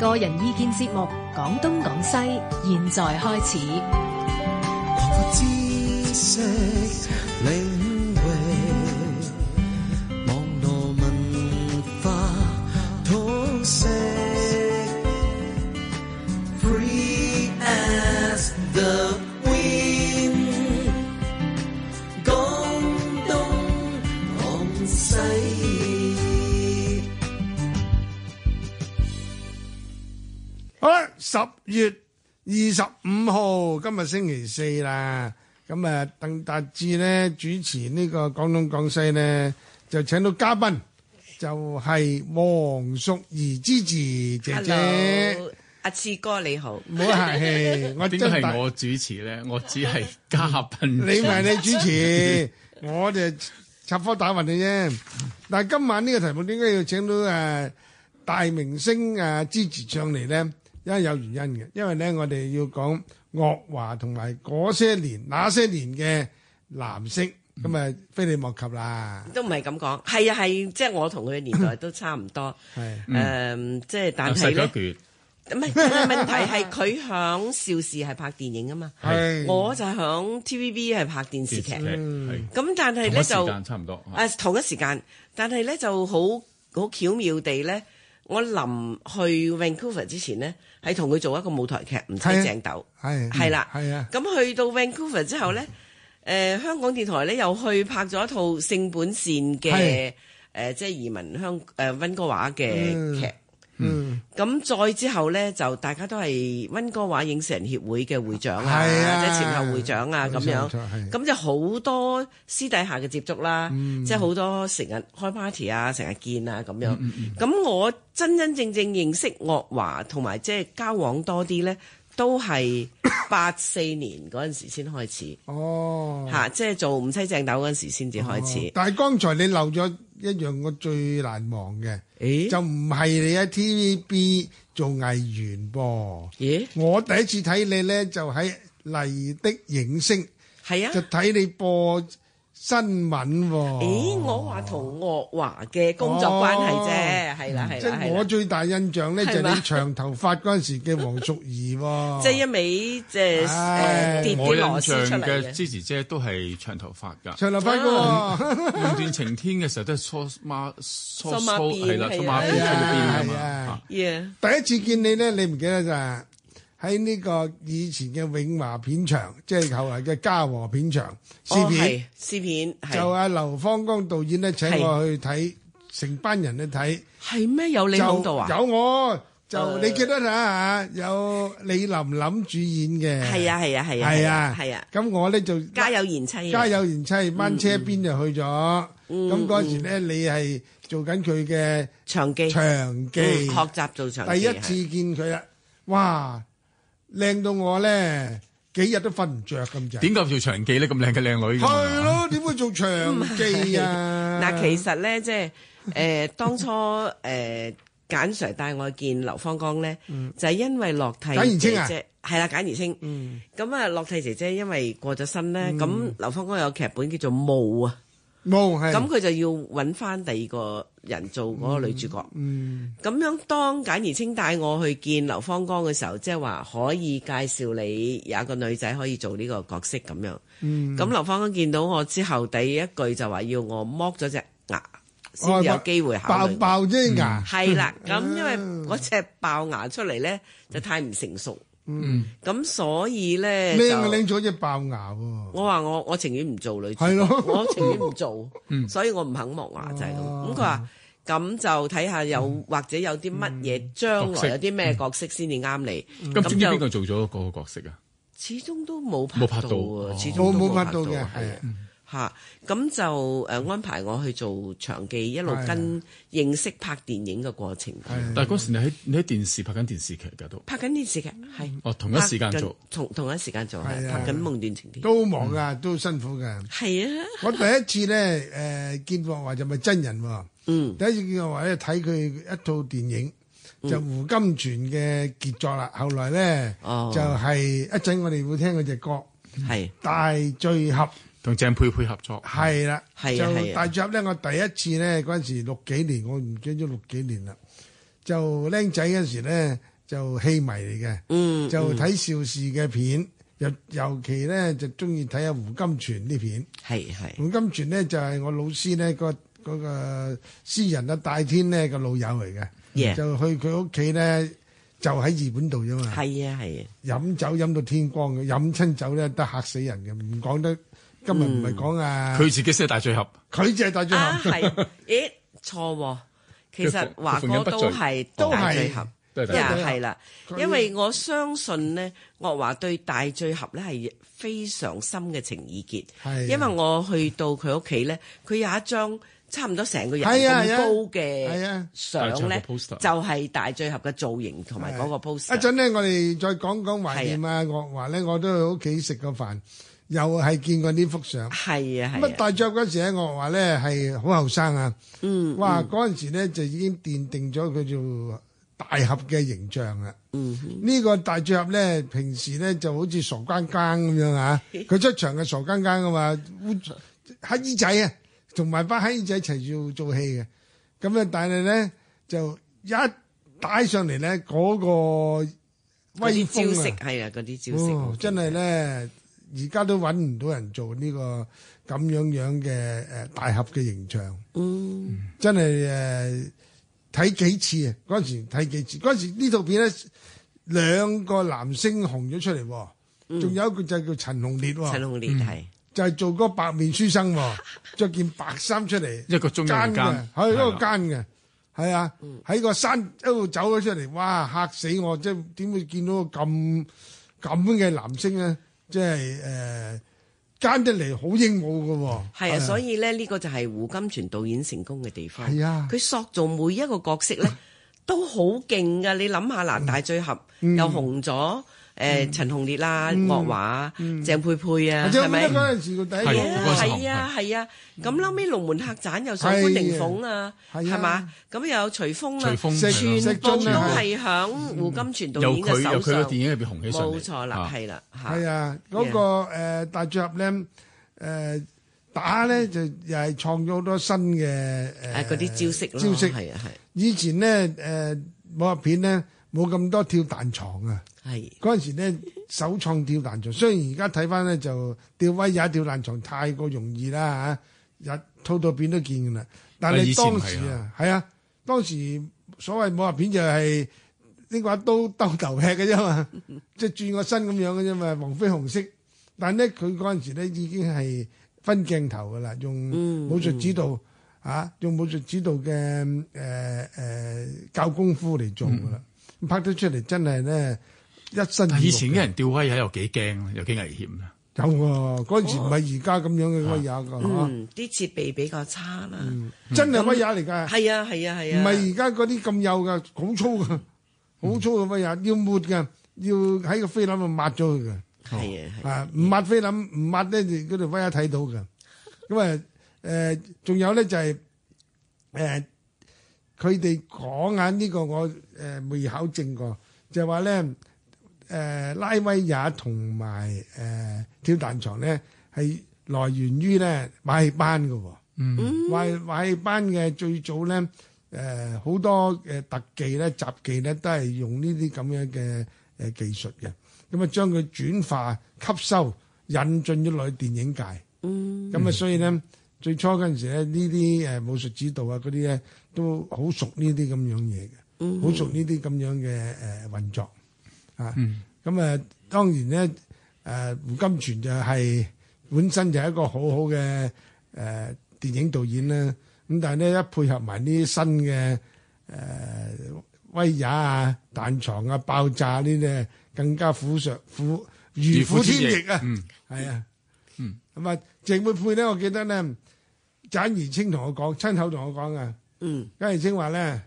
個人意見節目《講東講西》，現在開始。五月二十五號，今日星期四啦。咁啊，鄧達智咧主持呢個廣東廣西咧，就請到嘉賓，就係黃淑儀之子姐姐。阿次哥你好，唔好客氣。點解係我主持咧？我只係嘉賓。你咪你主持，我就插科打諢嘅啫。但係今晚呢個題目，點解要請到誒大明星誒支持上嚟咧？梗係有原因嘅，因為咧，我哋要講岳華同埋嗰些年、那些年嘅男星，咁、嗯、啊，非你莫及啦。都唔係咁講，係啊，係，即係我同佢年代都差唔多。係誒，即 係是、呃就是、但係唔係問題係佢響邵氏係拍電影啊嘛。係， 是我就係響 TVB 係拍電視劇。咁 是但係咧就時間差唔多，誒、啊、同一時間，但係咧就好好巧妙地咧。我臨去 Vancouver 之前呢，係同佢做一個舞台劇，唔使正斗係係、啊啊、啦。咁、嗯啊、去到 Vancouver 之後呢，誒、呃、香港電台呢又去拍咗一套《性本善》嘅誒、呃，即係移民香誒温哥華嘅劇。嗯，咁再之後呢，就大家都係溫哥華影視人協會嘅會長啊，即係前後會長樣啊，咁樣，咁就好多私底下嘅接觸啦，即係好多成日開 party 啊，成日見啊，咁樣。咁、嗯嗯、我真真正正認識樂華同埋即係交往多啲呢，都係八四年嗰陣時先開始。 哦，吓、啊，即係做五妻正斗嗰陣時先至開始。哦、但係剛才你漏咗。一樣我最難忘嘅，欸、就唔係你喺 TVB 做藝員噃。欸、我第一次睇你咧，就喺麗的映聲，啊、就睇你播新聞。咦，我話同岳華嘅工作關係啫，係啦，係啦，即係我最大印象咧，就係你長頭髮嗰陣時嘅黃淑儀喎，即係一味，即係誒跌啲螺絲出嚟嘅。芝芝姐都係長頭髮㗎，長頭髮嗰個雲斷晴天嘅時候都係梳孖初梳，係啦，初孖邊初邊第一次見你咧，你唔記得咋？喺呢個以前嘅永華片場，即係後來嘅嘉禾片場試片，試片就阿劉芳剛導演咧請我去睇，成班人去睇係咩？有你喺度啊？有我就你記得啦吓，有李琳琳主演嘅，係啊係啊係啊係啊，咁我咧就家有賢妻，家有賢妻，班車邊就去咗。咁嗰陣時咧，你係做緊佢嘅場記場記，學習做場記，第一次見佢啊，哇！靚到我咧，幾日都瞓唔着，咁滯。點解做長記？咧？咁靚嘅靚女。係咯了，點 會做長記啊？嗱、啊，其實咧，即係誒，當初誒、呃、簡 Sir 帶我去見劉芳剛咧， 就係因為樂蒂姐姐係啦，簡而、嗯、清。咁啊、嗯，樂、嗯、蒂姐姐因為過咗身咧，咁劉芳剛有個劇本叫做霧啊。冇係，咁佢，哦，就要揾翻第二個人做嗰個女主角。咁，嗯嗯，樣當簡而清帶我去見劉芳剛嘅時候，即係話可以介紹你有一個女仔可以做呢個角色咁樣。咁，嗯、劉芳剛見到我之後第一句就話要我剝咗隻牙先有機會考慮，哦，爆爆啫牙。係啦，咁因為嗰隻爆牙出嚟咧就太唔成熟。嗯嗯嗯，咁所以咧咩？靚啊拎咗隻爆牙喎。我話我我情願唔做女，係咯，我情願唔做，所以我唔肯磨牙就係咁。咁佢話咁就睇下有或者有啲乜嘢將來有啲咩角色先至啱你。咁最終邊個做咗嗰個角色啊？始終都冇拍到，啊。始終冇拍到嘅係。嚇咁就誒安排我去做長記，一路跟認識拍電影嘅過程。但係嗰時你喺你喺電視拍緊電視劇㗎都。拍緊電視劇係。哦，同一時間做。同同一時間做拍緊《夢斷情天》。都忙㗎，都辛苦㗎。係啊！我第一次咧誒見岳華就咪真人喎。嗯。第一次見岳華咧睇佢一套電影，就胡金銓嘅傑作啦。後來咧就係一陣我哋會聽嗰隻歌係大醉俠。同鄭佩佩合作係啦，就大咗入咧。我第一次咧嗰陣時六幾年，我唔記得咗六幾年啦。就僆仔嗰陣時咧，就戲迷嚟嘅，就睇邵氏嘅片，尤尤其咧就中意睇下胡金銓啲片。係，係胡金銓咧就係我老師咧個嗰個詩人阿戴天咧個老友嚟嘅，就去佢屋企咧就喺日本度啫嘛。係啊係啊，飲酒飲到天光嘅，飲親酒咧得吓死人嘅，唔講得。今日唔係講啊，佢自己先係大醉俠，佢就係大醉俠。啊，係咦？錯，其實華哥都係大醉俠，一係啦。因為我相信咧，岳華對大醉俠咧係非常深嘅情意結。因為我去到佢屋企咧，佢有一張差唔多成個人咁高嘅相咧，就係大醉俠嘅造型同埋嗰個 poster。一陣咧，我哋再講講懷念啊，岳華咧，我都去屋企食個飯。又係見過呢幅相，係啊，咁啊大雀嗰時咧，我話咧係好後生啊，嗯，哇嗰陣時咧就已經奠定咗佢做大俠嘅形象啊，嗯，呢個大雀俠咧平時咧就好似傻更更咁樣啊，佢出場嘅傻更更嘅話，乞兒仔啊，同埋班乞兒仔一齊要做戲嘅，咁啊，但係咧就一帶上嚟咧嗰個威風啊，係啊，嗰啲招式，真係咧。而家都揾唔到人做呢個咁樣樣嘅誒大俠嘅形象，嗯，真係誒睇幾次啊！嗰陣時睇幾次，嗰陣時呢套片咧兩個男星紅咗出嚟，嗯，仲有一個就叫陳鴻烈，陳鴻烈係就係做個白面書生，着件白衫出嚟，一個忠一個奸嘅，係一個奸嘅，係啊，喺個山一路走咗出嚟，哇！嚇死我，即係點會見到咁咁嘅男星咧？即係誒、呃，奸得嚟好英武噶喎、啊！係啊，所以咧呢、嗯、個就係胡金銓導演成功嘅地方。係啊，佢塑造每一個角色咧 都好勁噶。你諗下《嗱，大醉俠》又紅咗。嗯嗯誒陳鴻烈啦、岳華、鄭佩佩啊，係咪嗰陣時個底嘢啊？係啊係啊，咁後尾龍門客棧又上官靈鳳啊，係嘛？咁又有徐楓啦，全部都係響胡金銓導演嘅手上，佢有佢嘅電影入邊紅起上嚟，冇錯啦，係啦嚇。係啊，嗰個大醉俠咧，誒打咧就又係創咗好多新嘅誒嗰啲招式招式，係啊係。以前呢，誒武俠片咧。冇咁多跳彈床啊！係嗰陣時咧，首創跳彈床，雖然而家睇翻咧，就吊威也跳彈床，太過容易啦嚇，日套套片都見㗎啦。但係、啊、以前係啊，係啊，當時所謂武俠片就係呢個刀都兜頭劈嘅啫嘛，即係 轉個身咁樣嘅啫嘛。黃飛鴻式。但咧佢嗰陣時咧已經係分鏡頭㗎啦，用武術指導、嗯、啊，用武術指導嘅誒誒教功，功，功夫嚟做㗎啦。嗯。拍得出嚟真係咧，一身。但係以前嘅人吊威亞有幾驚，有幾危險啦。有喎，嗰陣時唔係而家咁樣嘅威亞噶嗬。啲設備比較差啦。真係威亞嚟㗎。係啊係啊係啊。唔係而家嗰啲咁幼噶，好粗噶，好粗嘅威亞要抹㗎，要喺個菲林度抹咗佢㗎。係啊，啊唔抹菲林唔抹咧，就嗰條威亞睇到㗎。咁啊誒，仲有咧就係誒。佢哋講眼呢個我，我誒未考證過，就係話咧誒拉威也同埋誒跳彈牀咧係來源於咧馬戲班噶喎、哦。嗯，馬馬戲班嘅最早咧誒好多誒特技咧雜技咧都係用呢啲咁樣嘅誒技術嘅，咁啊將佢轉化吸收引進咗去電影界。嗯，咁啊，所以咧、嗯、最初嗰陣時咧呢啲誒、呃、武術指導啊嗰啲咧。都好熟呢啲咁樣嘢嘅，好熟呢啲咁樣嘅誒運作啊！咁、嗯、啊，當然咧，誒、呃、胡金銓就係本身就係一個好好嘅誒電影導演啦、啊。咁但係咧，一配合埋呢啲新嘅誒、呃、威也啊、彈床啊、爆炸呢啲，更加虎上虎，如虎添翼啊！嗯，係啊，嗯，咁啊、嗯，鄭佩佩咧，我記得咧，展延清同我講，親口同我講啊。嗯，嘉怡清話咧，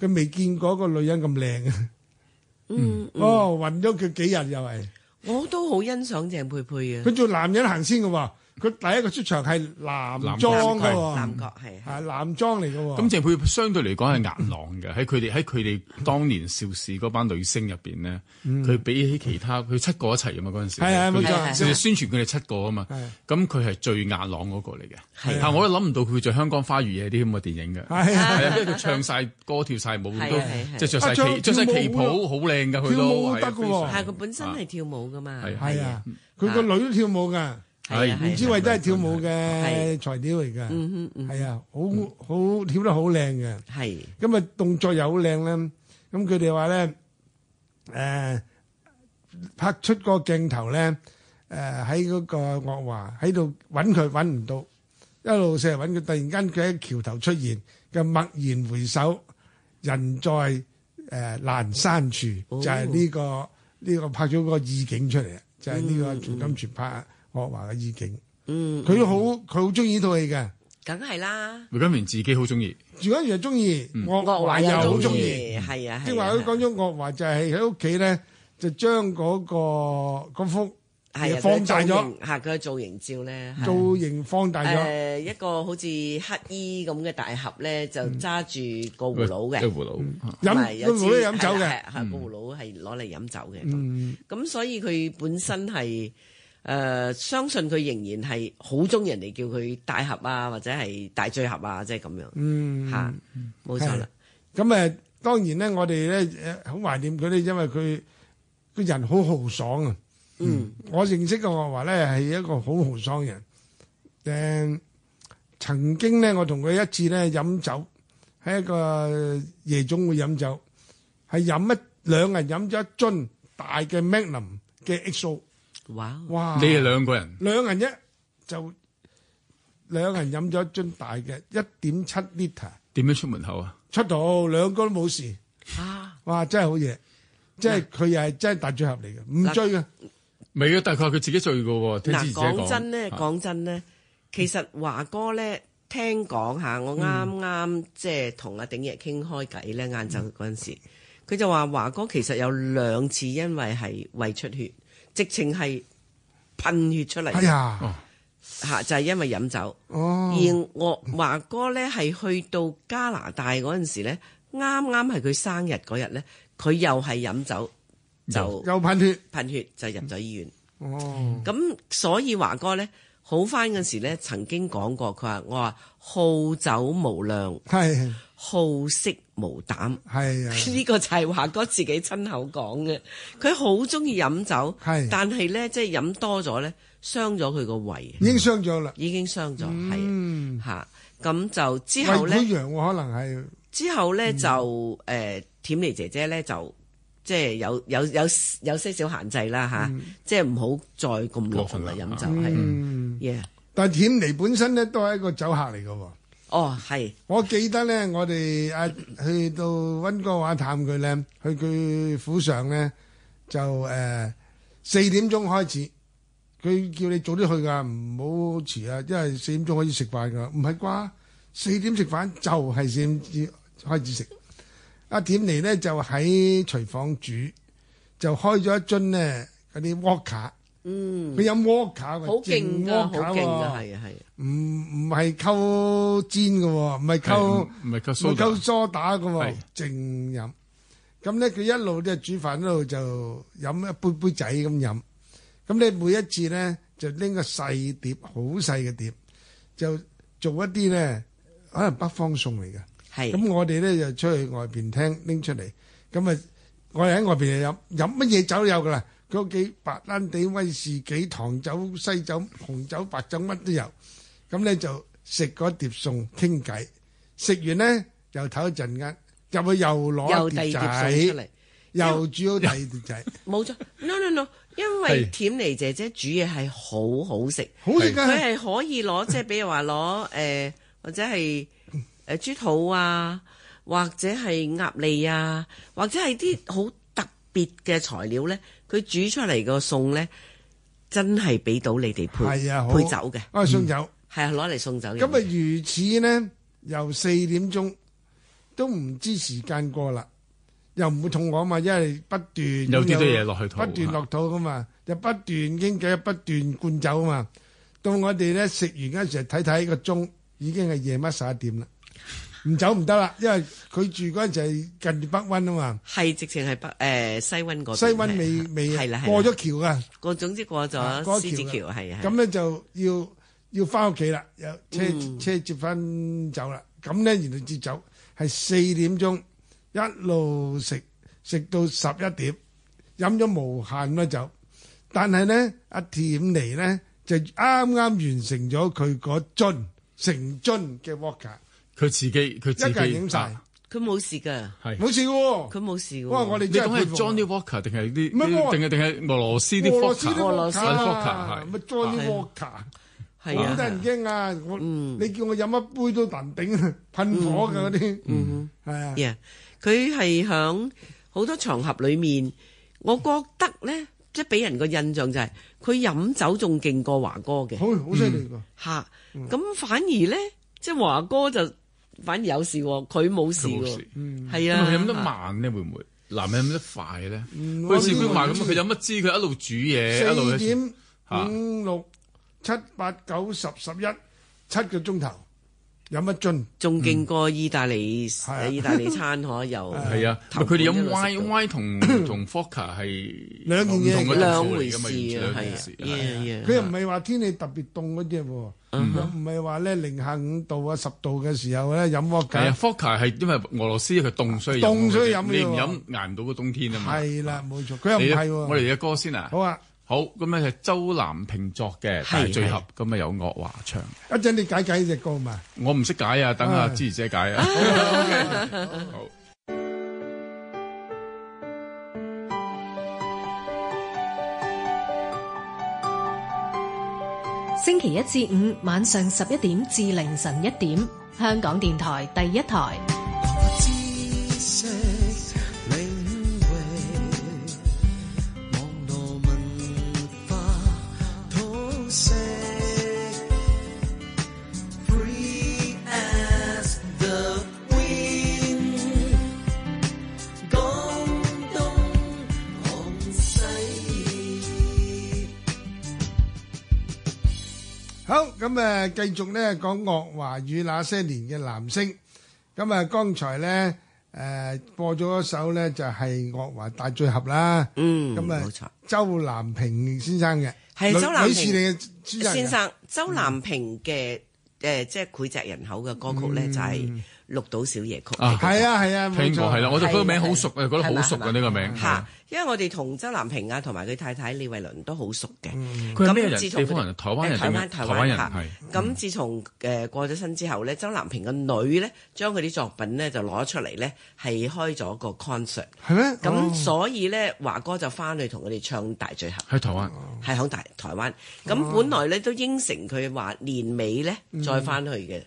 佢未見過個女人咁靚啊，嗯，哦，暈咗佢幾日又係，我都好欣賞鄭佩佩嘅，佢做男人行先嘅喎。佢第一個出場係男裝嘅男角係男裝嚟嘅喎。咁淨係佢相對嚟講係硬朗嘅，喺佢哋喺佢哋當年邵氏嗰班女星入邊咧，佢比起其他佢七個一齊啊嘛嗰陣時，係啊，佢就宣傳佢哋七個啊嘛。咁佢係最硬朗嗰個嚟嘅。但我我諗唔到佢做香港花月夜啲咁嘅電影嘅。係啊，佢唱晒歌、跳晒舞，都即係著曬旗、著曬旗袍，好靚㗎。佢都係。係佢本身係跳舞㗎嘛。係啊，佢個女跳舞㗎。係袁之慧真係跳舞嘅材料嚟噶。係、嗯嗯、啊,好好跳得好靚嘅。係咁啊,動作又好靚咧。咁佢哋話咧，誒、呃、拍出個鏡頭咧，誒喺嗰個岳華喺度揾佢揾唔到，一路成日揾佢，突然間佢喺橋頭出現，又驀然回首，人在誒闌、呃、珊處，哦、就係呢、這個呢、這個拍咗個意境出嚟，就係、是、呢個全金全拍。嗯岳華嘅意境，嗯，佢好佢好中意呢套戲嘅，梗係啦。余錦明自己好中意，如果源又中意，岳岳華又好中意，係啊，即係話佢講咗岳華就係喺屋企咧，就將嗰個幅嘢放大咗，吓佢造型照咧，造型放大咗，誒，一個好似黑衣咁嘅大俠咧，就揸住個葫蘆嘅，即係個葫蘆飲，個葫蘆飲酒嘅，吓個葫蘆係攞嚟飲酒嘅，咁所以佢本身係。誒，相信佢仍然係好中意人哋叫佢大俠啊，或者係大醉俠啊，即係咁樣吓，冇錯啦。咁誒，當然咧，我哋咧好懷念佢咧，因為佢個人好豪爽啊。嗯，我認識嘅岳華咧係一個好豪爽嘅人。誒，曾經咧我同佢一次咧飲酒，喺一個夜總會飲酒，係飲一兩人飲咗一樽大嘅 Magnum 嘅 XO。哇！Wow, 你哋兩個人，兩人一就兩人飲咗樽大嘅一點七 liter，點樣出門口啊？出到兩個都冇事嚇，啊、哇！真係好嘢，即係佢又係真係大醉俠嚟嘅，唔醉啊，未啊？大概佢自己醉嘅喎。嗱，講、啊、真咧，講真咧，是其實華哥咧，聽講嚇，我啱啱即係同阿鼎爺傾開偈咧，晏晝嗰陣時，佢、嗯、就話華哥其實有兩次因為係胃出血。直情係噴血出嚟，係啊、哎呀，吓就係因為飲酒。哦、而我華哥呢，係去到加拿大嗰陣時呢，啱啱係佢生日嗰日呢，佢又係飲酒就又噴血，噴血就入咗醫院。哦，咁所以華哥呢，好返嗰時呢，曾經講過佢話我話好酒無量，係。哎好色無膽，係呢個就係華哥自己親口講嘅。佢好中意飲酒，係但係咧，即係飲多咗咧，傷咗佢個胃，已經傷咗啦，已經傷咗，係吓咁就之後呢，胃可能係之後咧就誒，恬妮姐姐咧就即係有有有有些少限制啦，吓即係唔好再咁過分啦飲酒，係但係恬妮本身咧都係一個酒客嚟嘅。哦，係。Oh, yes. 我記得咧，我哋阿、啊、去到溫哥華探佢咧，去佢府上咧就誒四、呃、點鐘開始，佢叫你早啲去噶，唔好遲啊，因為四點鐘可以食飯噶，唔係啩？四點食飯就係四點鐘開始食。阿恬妮、就是啊、呢，就喺廚房煮，就開咗一樽呢，嗰啲 Vodka 嗯，佢飲摩卡嘅，好勁噶，好勁噶，係啊係啊，唔唔係溝煎嘅，唔係溝唔係溝梳打嘅，淨飲是。咁咧佢一路都係煮飯一路就飲一杯一杯，一杯仔咁飲。咁咧每一次咧就拎個細碟，好細嘅碟，就做一啲咧可能北方餸嚟嘅。係是。咁我哋咧就出去外邊聽拎出嚟，咁啊我哋喺外邊就飲飲乜嘢酒都有噶啦。嗰幾白蘭地、威士忌、糖酒、西酒、紅酒、白酒，乜都有。咁咧就食嗰碟餸傾偈，食完咧又唞一陣間，入去又攞一碟仔，又煮好第二碟仔。冇錯，no no no，因為恬妮姐姐煮嘢係好好食，好食㗎。佢係可以攞即係，比如話攞誒或者係誒豬肚啊，或者係鴨脷啊，或者係啲好嘅材料咧，佢煮出嚟個餸咧，真係俾到你哋配係啊，配酒嘅，送酒係啊，攞嚟送酒嘅。咁啊，如此咧，由四點鐘都唔知時間過啦，又唔會痛我啊嘛，因為不斷有幾多嘢落去肚，不斷落肚噶嘛，又不斷傾偈，不斷灌酒啊嘛，到我哋咧食完嗰陣時，睇睇個鐘已經係夜晚十一點啦。唔走唔得啦，因為佢住嗰陣就係近住北溫啊嘛，係直情係北誒西溫嗰邊，西溫未未過咗橋噶，過總之過咗過咗橋，係啊，咁咧就要要翻屋企啦，有車車接翻走啦，咁咧然後接走係四點鐘，一路食食到十一點，飲咗無限嘅酒，但係咧阿甜嚟咧就啱啱完成咗佢嗰樽成樽嘅 whisky。佢自己，佢自己影曬，佢冇事噶，冇事喎，佢冇事喎。你講係 John Walker 定係啲，唔係唔係，定係定係俄羅斯啲伏特加啦，伏特加啦，咩 John Walker，好得人驚啊！我你叫我飲一杯都難頂，噴火嘅嗰啲，嗯，係啊。佢係響好多場合裏面，我覺得咧，即係俾人個印象就係佢飲酒仲勁過華哥嘅，好，犀利㗎。咁反而咧，即係華哥就。反而有事喎，佢冇事喎，係、嗯、啊。佢飲得慢咧，啊、會唔會？男人飲得快咧？好似佢話咁，佢有乜知？佢、嗯、一路煮嘢，4. 一路邊點五、啊、六七八九十十一七個鐘頭。飲一樽，仲勁過意大利意大利餐可又。係啊，佢哋飲 y y 同同 foca 係兩件唔同嘅嘢嚟㗎嘛，完全兩件事。係啊，佢又唔係話天氣特別凍嗰隻喎，唔唔係話咧零下五度啊十度嘅時候咧飲 foca 係因為俄羅斯佢凍所以飲。凍所以飲嘅喎，你唔飲捱唔到個冬天㗎嘛。係啦，冇錯，佢又唔係喎。我哋嘅歌先啊，好啊。好咁咧，係周南平作嘅，係組合咁啊，有岳華唱。一陣你解解呢隻歌嘛？我唔識解啊，等阿芝怡姐解啊。星期一至五晚上十一點至凌晨一點，香港電台第一台。好咁啊！繼續咧講《岳華與那些年》嘅男星。咁啊，剛才咧誒、呃、播咗一首咧，就係《岳華大醉俠》啦。嗯，冇錯那。嗯、周南平先生嘅係、嗯、女周南平先生，先生。周南平嘅誒，嗯、即係膾炙人口嘅歌曲咧，嗯、就係、是。嗯《綠島小夜曲》啊，係啊係啊，聽過係啦，我覺得個名好熟，覺得好熟啊呢個名嚇，因為我哋同周南平啊，同埋佢太太李慧倫都好熟嘅。佢咩人？對方人，台灣人，台灣人，係。咁自從誒過咗身之後咧，周南平嘅女咧，將佢啲作品咧就攞出嚟咧，係開咗個 concert 係咩？咁所以咧，華哥就翻去同佢哋唱大聚合喺台灣，係響大台灣。咁本來咧都應承佢話年尾咧再翻去嘅。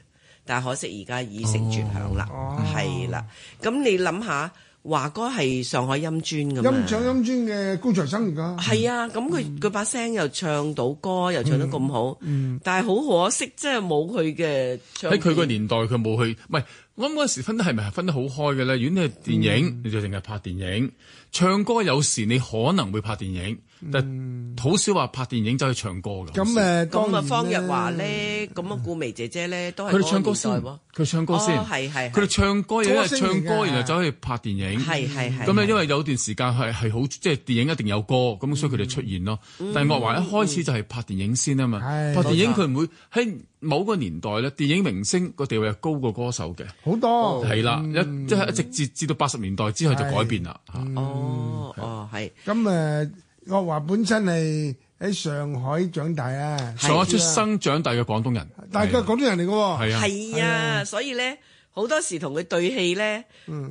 但可惜而家已成絕響啦，係啦。咁你諗下，華哥係上海音專咁樣，唱音專嘅高材生嚟㗎。係啊，咁佢佢把聲又唱到歌，又唱得咁好。但係好可惜，即係冇佢嘅唱片。喺佢個年代，佢冇去唔係。我諗嗰時分得係咪分得好開嘅咧？如果你係電影，嗯、你就淨係拍電影；唱歌有時你可能會拍電影，嗯、但好少話拍電影走去唱歌噶。咁誒，咁啊、嗯，呢方日華咧，咁啊，顧媚姐姐咧都係。佢哋唱歌先，佢唱歌先。歌先哦，係佢哋唱歌，因為唱歌然後走去拍電影。係係係。咁咧，因為有段時間係係好，即係、就是、電影一定有歌，咁、嗯、所以佢哋出現咯。嗯、但係岳華一開始就係拍電影先啊嘛，嗯嗯、拍電影佢唔會喺。某個年代咧，電影明星個地位係高過歌手嘅，好多係啦，一即係一直至至到八十年代之後就改變啦嚇。哦哦，係。咁誒，岳華本身係喺上海長大啊，上海出生長大嘅廣東人，但係佢係廣東人嚟喎，係啊，係啊，所以咧好多時同佢對戲咧，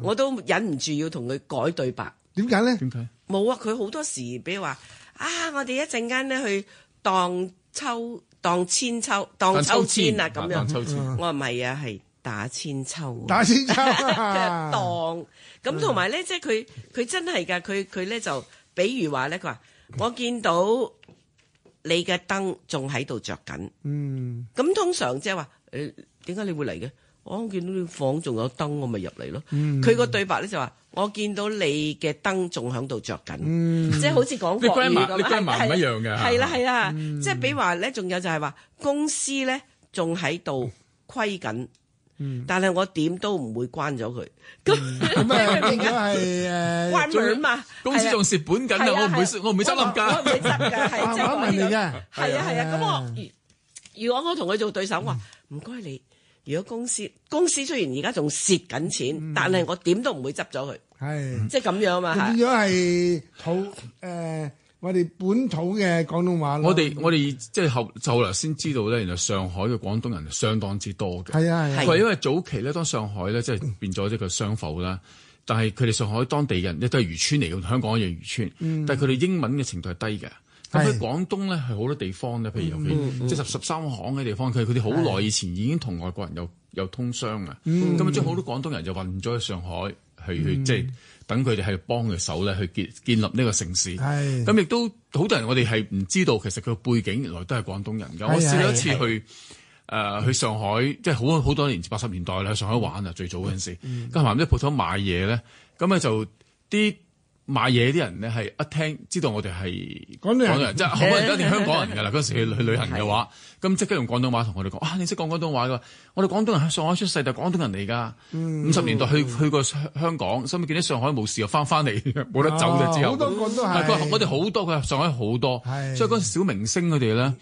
我都忍唔住要同佢改對白。點解咧？點解？冇啊！佢好多時，比如話啊，我哋一陣間咧去蕩秋。當千秋，當秋千啊咁樣，秋千我話唔係啊，係打千秋。打千秋啊！ 當咁同埋咧，即係佢佢真係噶，佢佢咧就，比如話咧，佢話我見到你嘅燈仲喺度着緊。嗯。咁通常即係話，誒、欸，點解你會嚟嘅？我見到房仲有燈，我咪入嚟咯。佢個對白咧就話：我見到你嘅燈仲響度着緊，即係好似講國語咁。你關埋，你關埋唔一樣嘅。係啦係啦，即係比如話咧，仲有就係話公司咧仲喺度虧緊，但係我點都唔會關咗佢。咁咁係誒，關門嘛？公司仲蝕本緊啊！我唔會，我唔會執笠噶。我唔執噶，係爭翻問你嘅。係啊係啊，咁我如果我同佢做對手，話唔該你。如果公司公司雖然而家仲蝕緊錢，嗯、但係我點都唔會執咗佢，係即係咁樣啊嘛。咁樣係土誒、呃，我哋本土嘅廣東話。我哋們、嗯、我哋即係後後嚟先知道咧，原來上海嘅廣東人相當之多嘅。係啊係。佢、啊、因為早期咧，當上海咧即係變咗一個商埠啦，但係佢哋上海當地嘅人亦都係漁村嚟嘅，香港一樣係漁村，但係佢哋英文嘅程度係低嘅。嗯咁喺廣東咧，係好多地方咧，譬如尤其即十十三行嘅地方，佢佢哋好耐以前已經同外國人有有通商啊。咁啊，將好多廣東人就運咗去上海，去去即係等佢哋係幫佢手咧，去建建立呢個城市。咁亦都好多人，我哋係唔知道，其實佢背景原來都係廣東人㗎。我試過一次去誒去上海，即係好好多年，八十年代啦，去上海玩啊，最早嗰陣時，跟住啱啱即係鋪頭買嘢咧，咁啊就啲，買嘢啲人咧係一聽知道我哋係廣東人，即係好多人一定係香港人㗎啦。嗰陣時去旅行嘅話，咁即刻用廣東話同我哋講：哇，你識講廣東話㗎？我哋廣東人喺上海出世，但係廣東人嚟㗎。五十年代去去過香港，所以見到上海冇事又翻翻嚟，冇得走之後。好係，我哋好多嘅上海好多，所以嗰陣小明星佢哋咧，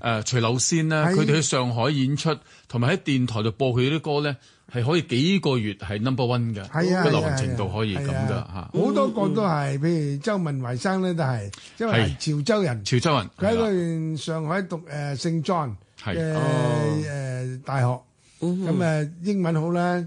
誒徐柳仙咧，佢哋去上海演出，同埋喺電台度播佢啲歌咧。係可以幾個月係 number one 嘅，佢流行程度可以咁㗎吓。好多個都係，譬如鄒文懷先生咧都係，因為潮州人。潮州人佢喺嗰上海讀誒聖 John 嘅誒大學，咁誒英文好啦，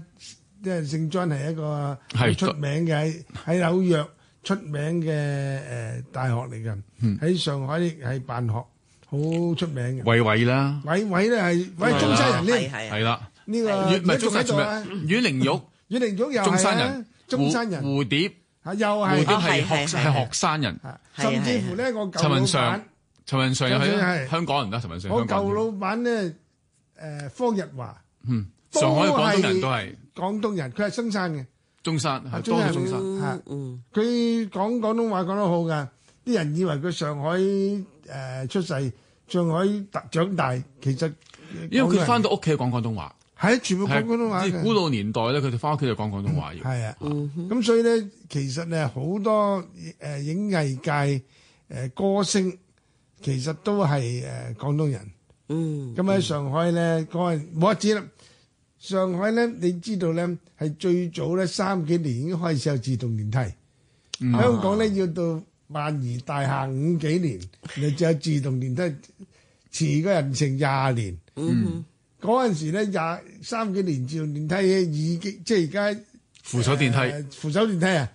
即係聖 John 係一個出名嘅喺紐約出名嘅誒大學嚟嘅，喺上海亦係辦學好出名嘅。偉偉啦，偉偉咧係偉中山人呢。係啦。呢個阮咪中山咩？阮玲玉，阮玲玉又係中山人。蝴蝶，蝴蝶係鶴山，係鶴山人。甚至乎咧，我舊老陳雲裳，陳雲裳又係香港人啦。陳雲裳香港。我舊老闆咧，誒方逸華，嗯，上海廣東人，都係廣東人，佢係中山嘅。中山係多到中山。嗯，佢講廣東話講得好㗎，啲人以為佢上海誒出世，上海長大，其實因為佢翻到屋企講廣東話。喺全部講廣東話嘅。即係古老年代咧，佢哋返屋企就講廣東話嘅。係啊，咁所以咧，其實咧好多誒影藝界誒歌星，其實都係誒廣東人。嗯。咁喺上海咧，嗰日冇得知啦。上海咧，你知道咧係最早咧三幾年已經開始有自動電梯。香港咧要到萬宜大廈五幾年，你就有自動電梯，遲過人成廿年。嗯。嗰陣時咧，廿三幾年自動電梯，已經即係而家扶手電梯，呃、扶手電梯啊，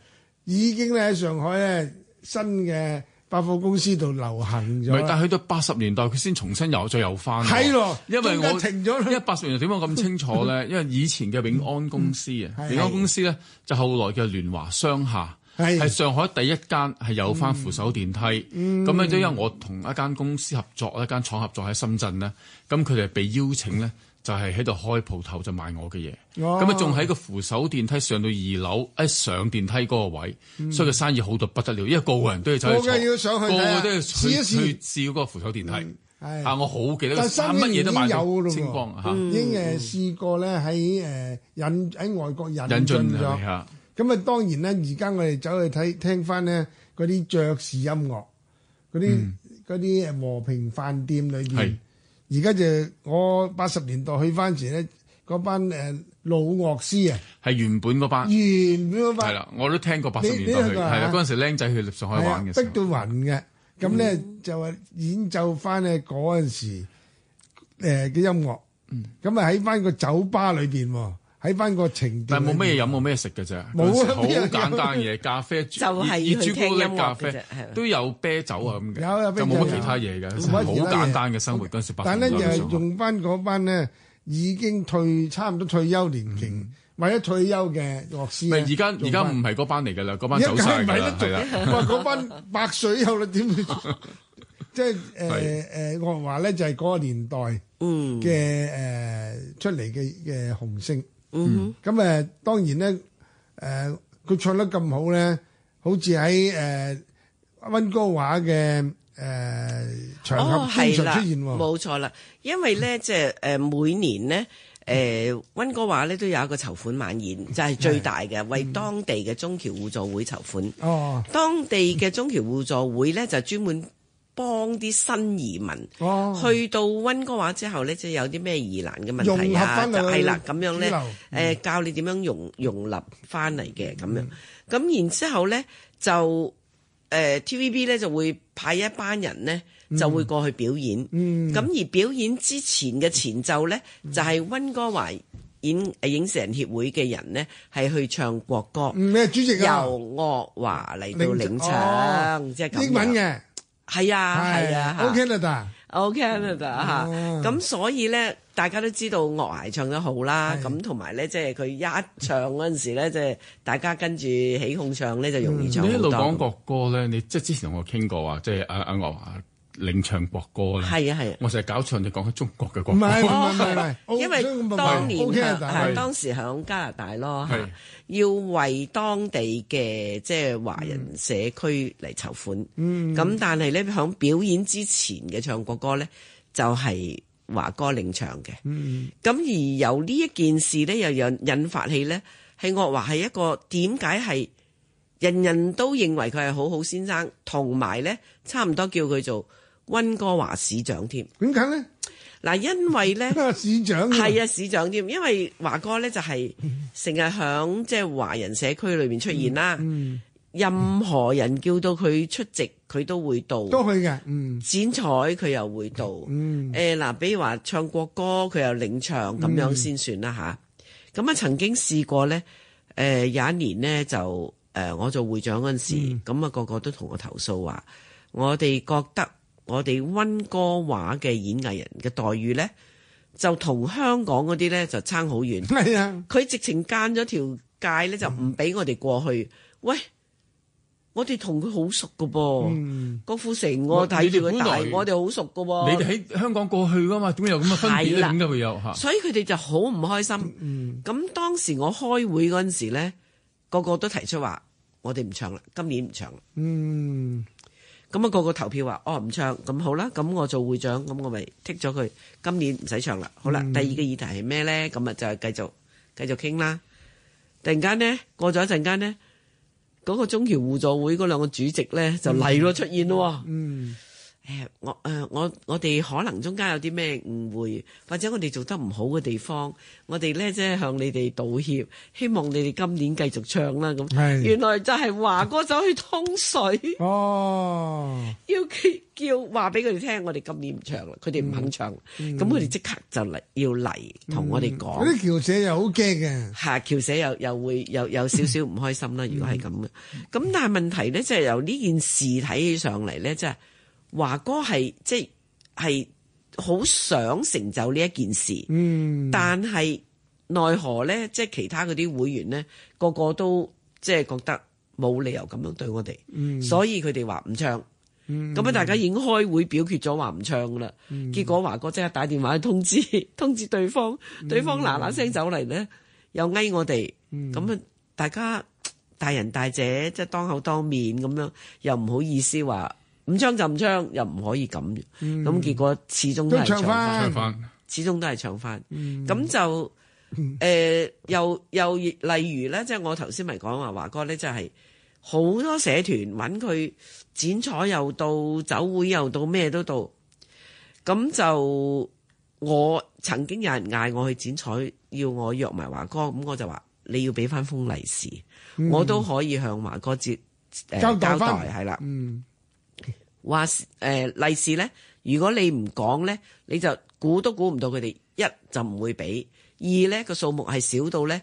已經咧喺上海咧新嘅百貨公司度流行咗。唔係，但係去到八十年代佢先重新又再又翻。係咯的，因為我停因為八十年代點解咁清楚咧？ 因為以前嘅永安公司啊， 的永安公司咧就後來嘅聯華商廈。係上海第一間係有翻扶手電梯，咁咧都因為我同一間公司合作，一間廠合作喺深圳咧，咁佢哋被邀請咧，就係喺度開鋪頭就賣我嘅嘢，咁咧仲喺個扶手電梯上到二樓，一上電梯嗰個位，所以佢生意好到不得了，因為個個人都要走去坐，個個都去去試嗰個扶手電梯，嚇我好記得，三乜嘢都買到，清光嚇，因為試過咧喺誒引喺外國引進咗。咁啊，當然咧，而家我哋走去睇聽翻咧嗰啲爵士音樂，嗰啲啲誒和平飯店裏邊。而家是就我八十年代去翻前咧，嗰班誒老樂師啊，係原本嗰班，原本嗰班係啦，我都聽過八十年代去，係啦嗰時僆仔去上海玩嘅，逼到暈嘅。咁咧、嗯、就係演奏翻咧嗰陣時嘅音樂。咁啊喺翻個酒吧裏邊睇翻個情，但係冇咩飲，冇咩食嘅啫，好簡單嘢，咖啡、熱朱古力咖啡，都有啤酒啊咁嘅，冇乜其他嘢㗎，好簡單嘅生活嗰陣時。但係用翻嗰班咧，已經退差唔多退休年齡或者退休嘅樂師。唔係而家而家唔係嗰班嚟㗎啦，嗰班走曬啦。係啦，話嗰班白水友啦，點會即係誒誒？岳華咧就係嗰個年代嘅誒出嚟嘅嘅紅星。Mm hmm. 嗯，咁誒當然咧，誒佢唱得咁好咧，好似喺誒温哥華嘅誒、呃、場合經常、哦、出現冇錯啦。因為咧即係誒、呃、每年咧誒温哥華咧都有一個籌款晚宴，就係、是、最大嘅為當地嘅中僑互助會籌款。哦，哦當地嘅中僑互助會咧就專門。幫啲新移民、哦、去到温哥華之後呢，即係有啲咩疑難嘅問題就，啊，係啦，咁樣呢，誒、嗯欸，教你點樣容融納翻嚟嘅咁樣。咁、嗯、然之後呢，就誒、呃、TVB 呢就會派一班人呢就會過去表演。咁、嗯嗯、而表演之前嘅前奏呢，嗯、就係温哥華影影視人協會嘅人呢係去唱國歌，咩、嗯、主席由、啊、岳華嚟到領唱，即係咁樣。哦哦哦哦哦係啊，係啊，Canada，Canada 咁所以咧，大家都知道岳華唱得好啦，咁同埋咧，即係佢一唱嗰陣時咧，即係大家跟住起哄唱咧，就容易唱好多。你一路講國歌咧，你即係之前同我傾過話，即係阿阿岳華。啊領唱國歌咧，啊係啊！啊我成日搞唱就講緊中國嘅歌，唔係唔係因為當年啊，我當時響加拿大咯，啊啊、要為當地嘅即係華人社區嚟籌款，咁、嗯、但係咧響表演之前嘅唱國歌咧，就係華哥領唱嘅，咁、嗯、而由呢一件事咧，又有引發起咧，係岳華係一個點解係人人都認為佢係好好先生，同埋咧差唔多叫佢做。溫哥華市長，添點解咧？嗱，因為咧，市長係啊，市長添，因為華哥咧就係成日響即係華人社區裏面出現啦。任何人叫到佢出席，佢都會到都去嘅。嗯，剪彩佢又會到。嗯，嗱，比如話唱國歌，佢又領唱咁樣先算啦吓，咁啊，曾經試過咧，誒有一年咧就誒我做會長嗰陣時，咁啊個個都同我投訴話，我哋覺得。我哋溫哥華嘅演藝人嘅待遇咧，就同香港嗰啲咧就差好遠。係啊的，佢直情間咗條界咧，就唔俾我哋過去。嗯、喂，我哋同佢好熟噶噃，嗯、郭富城我睇住佢大，在我哋好熟噶喎。你哋喺香港過去噶嘛？點解有咁嘅分別？點解會有？所以佢哋就好唔開心。咁、嗯、當時我開會嗰陣時咧，個、個個都提出話，我哋唔唱啦，今年唔唱啦。嗯。咁啊，個個投票話：哦，唔唱，咁好啦，咁我做會長，咁我咪剔咗佢。今年唔使唱啦，好啦。第二個議題係咩咧？咁啊，就係繼續繼續傾啦。突然間呢，過咗一陣間呢，嗰、嗰個中僑互助會嗰兩個主席咧就嚟咯，嗯、出現咯。嗯誒，我誒，我我哋可能中間有啲咩誤會，或者我哋做得唔好嘅地方，我哋咧即係向你哋道歉，希望你哋今年繼續唱啦。咁原來就係華哥走去通水，哦， 要叫叫話俾佢哋聽，我哋今年唔唱啦，佢哋唔肯唱，咁佢哋即刻就嚟要嚟同我哋講。嗰啲僑社又好驚嘅，吓僑社又又會有有少少唔開心啦。嗯、如果係咁嘅，咁但係問題咧，即係由呢件事睇起上嚟咧，即係。華哥係即係好想成就呢一件事，嗯、但係奈何咧，即係其他嗰啲會員咧，個個都即係覺得冇理由咁樣對我哋，嗯、所以佢哋話唔唱。咁啊、嗯，大家已經開會表決咗話唔唱啦，嗯、結果華哥即刻打電話去通知通知對方，嗯、對方嗱嗱聲走嚟，咧，又嗌我哋。咁啊、嗯，大家大人大姐即係當口當面咁樣，又唔好意思話。唔唱就唔唱，又唔可以咁，咁、嗯、結果始終都係唱翻，嗯、唱始終都係唱翻。咁、嗯、就誒、呃，又又例如咧，即、就、係、是、我頭先咪講話華哥咧，即係好多社團揾佢剪彩，又到酒會，又到咩都到。咁就我曾經有人嗌我去剪彩，要我約埋華哥，咁我就話你要俾翻封利是，嗯、我都可以向華哥接交、呃、代，係啦、嗯。話誒利是咧，如果你唔講咧，你就估都估唔到佢哋，一就唔會俾，二咧個數目係少到咧，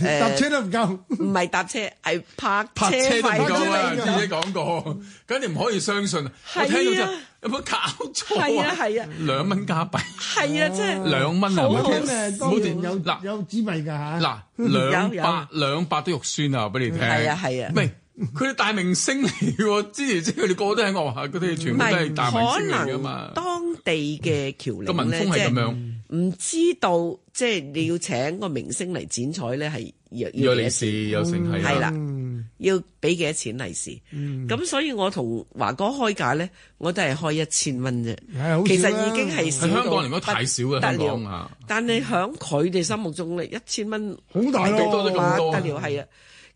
搭車都唔夠。唔係搭車，係泊車都唔夠啊！自己講過，咁你唔可以相信啊！我聽到就有冇搞錯啊？係啊係啊，兩蚊加幣。係啊，即係兩蚊啊！我聽，我哋有嗱有紙幣㗎嚇嗱，兩百兩百都肉酸啊！俾你聽，係啊係啊，明？佢哋大明星嚟喎，之前即佢哋個個都喺我下，佢哋全部都係大明星嚟噶嘛。可能當地嘅橋梁嘅民風係咁樣，唔知道即係你要請個明星嚟剪彩咧，係要利是，有成係啦、嗯。要俾幾多錢利是？咁、嗯、所以我同華哥開價咧，我都係開一千蚊啫。嗯、其實已經係香港嚟講太少嘅香港嚇。但係喺佢哋心目中咧，嗯、一千蚊好大多咁多。得了，係啊！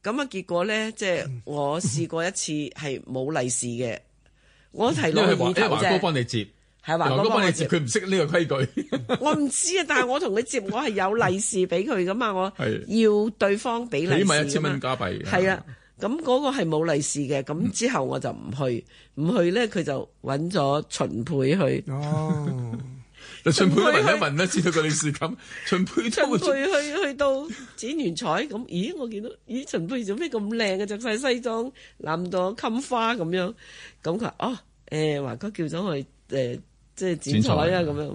咁啊，結果咧，即係我試過一次係冇利是嘅。 我提攞去，即係華哥幫你接，係吧華哥幫你接，佢唔識呢個規矩。 我唔知啊，但係我同佢接，我係有利是俾佢噶嘛，我要對方俾利。俾埋一千蚊加幣。係啊，咁嗰個係冇利是嘅，咁之後我就唔去，唔、嗯、去咧佢就揾咗秦沛去。Oh. 秦佩問一問啦，知道個利是咁。秦佩，去去到剪完彩咁，咦？我見到咦？秦佩做咩咁靚嘅？着晒西裝，攬到襟花咁樣。咁佢話，哦，誒，華哥叫咗我去誒，即係剪彩啊，咁樣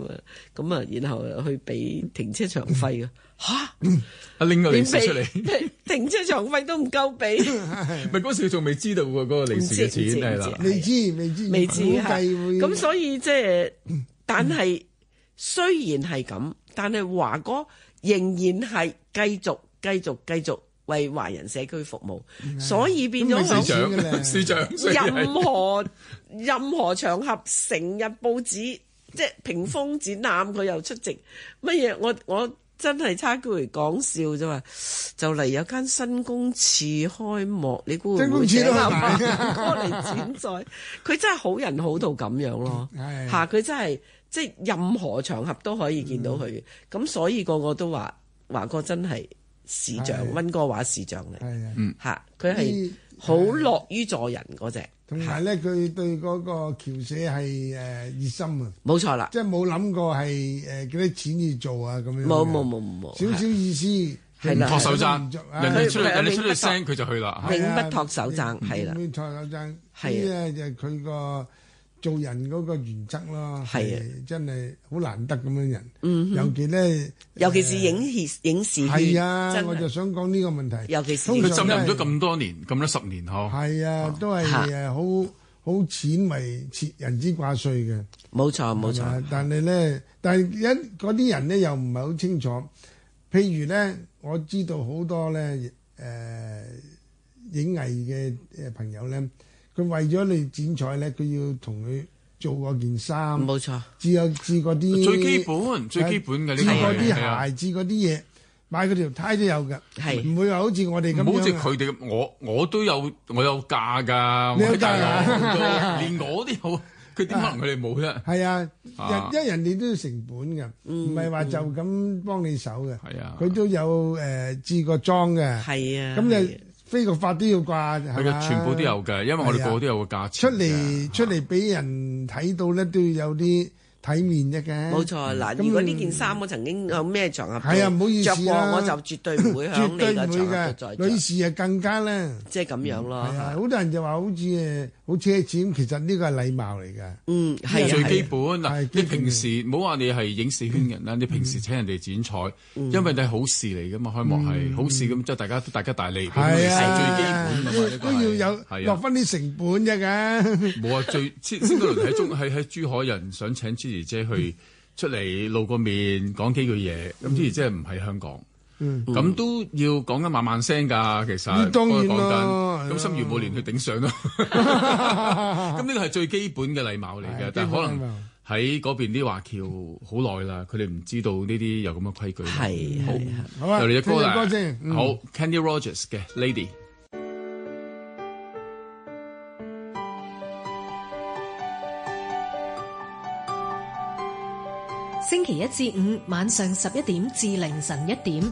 咁啊。然後去俾停車場費啊。吓，攞個利是出嚟，停車場費都唔夠俾。唔係嗰時仲未知道喎，嗰個利是嘅錢未知未知未知。咁所以即係，但係。雖然係咁，但係華哥仍然係繼續、繼續、繼續為華人社區服務，是所以變咗。市長市長。市長任何任何場合，成日報紙即係屏風展覽，佢又出席乜嘢？我我真係差佢嚟講笑啫嘛！就嚟有間新公廁開幕，你估會唔會請華哥嚟剪彩？佢真係好人好到咁樣咯，吓佢真係。哎哎即係任何場合都可以見到佢嘅。咁所以個個都話華哥真係市長，温哥華市長嚟，嚇佢係好樂於助人嗰隻。同埋咧，佢對嗰個橋社係誒熱心啊！冇錯啦，即係冇諗過係誒幾多錢要做啊咁樣。冇冇冇冇，少少意思。係托手踭，人哋出嚟，人哋出嚟聲佢就去啦，係永不托手踭，係啦，永不托手踭，係啊，就係佢個。做人嗰個原則咯，係的真係好難得咁樣人，嗯、哼尤其咧，尤其是影視、呃、影視，係啊的，的我就想講呢個問題。尤其佢浸淫咗咁多年，咁多十年後，嗬。係啊，都係誒，好好淺為人之掛帥嘅。冇錯，冇錯。但係咧，但係一嗰啲人咧又唔係好清楚。譬如咧，我知道好多咧誒、呃呃、影藝嘅誒朋友咧。呃嗯佢為咗你剪彩咧，佢要同佢做嗰件衫，冇錯，至有至嗰啲最基本最基本嘅你啲買嗰啲鞋子嗰啲嘢，買嗰條呔都有嘅，唔會話好似我哋咁。唔好似佢哋，我我都有，我有嫁㗎，我大我好多，連我都佢點問佢哋冇啫？係啊，因因人哋都要成本㗎，唔係話就咁幫你手嘅。係啊，佢都有誒，置個裝嘅。係啊，咁又。飛過發都要掛，係、嗯、啊，全部都有嘅，因為我哋個個都有個價錢出嚟出嚟俾人睇到咧，都要有啲體面啫嘅。冇錯、啊，嗱、嗯，如果呢件衫我曾經有咩場合、啊、唔好意思、啊，我就絕對唔會喺呢個場合會女士就就、嗯、啊，更加咧，即係咁樣咯。係啊，好多人就話好似誒。好似係，其實呢個係禮貌嚟嘅，係最基本嗱。你平時唔好話你係影視圈人啦，你平時請人哋剪彩，因為你係好事嚟噶嘛，開幕係好事咁，即係大家大家大利，係啊，最基本啊嘛，都要有落翻啲成本啫㗎。冇啊，最喺中喺喺珠海人想請朱怡姐去出嚟露個面講幾句嘢，咁朱怡姐唔喺香港。咁都要講得慢慢聲噶，其實講緊咁，心如冇聯去頂上咯。咁呢個係最基本嘅禮貌嚟嘅，但係可能喺嗰邊啲華僑好耐啦，佢哋唔知道呢啲有咁嘅規矩。係係好，又嚟隻歌啦，好 Kenny Rogers 嘅 Lady。星期一至五晚上十一點至凌晨一點。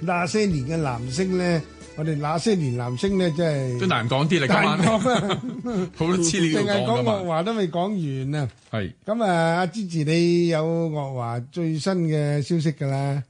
那些年嘅男星咧，我哋那些年男星咧，真係都難講啲啦。講啊， 好多資料淨係講岳華都未講完啊。係是。咁啊，阿芝治你有岳華最新嘅消息噶啦。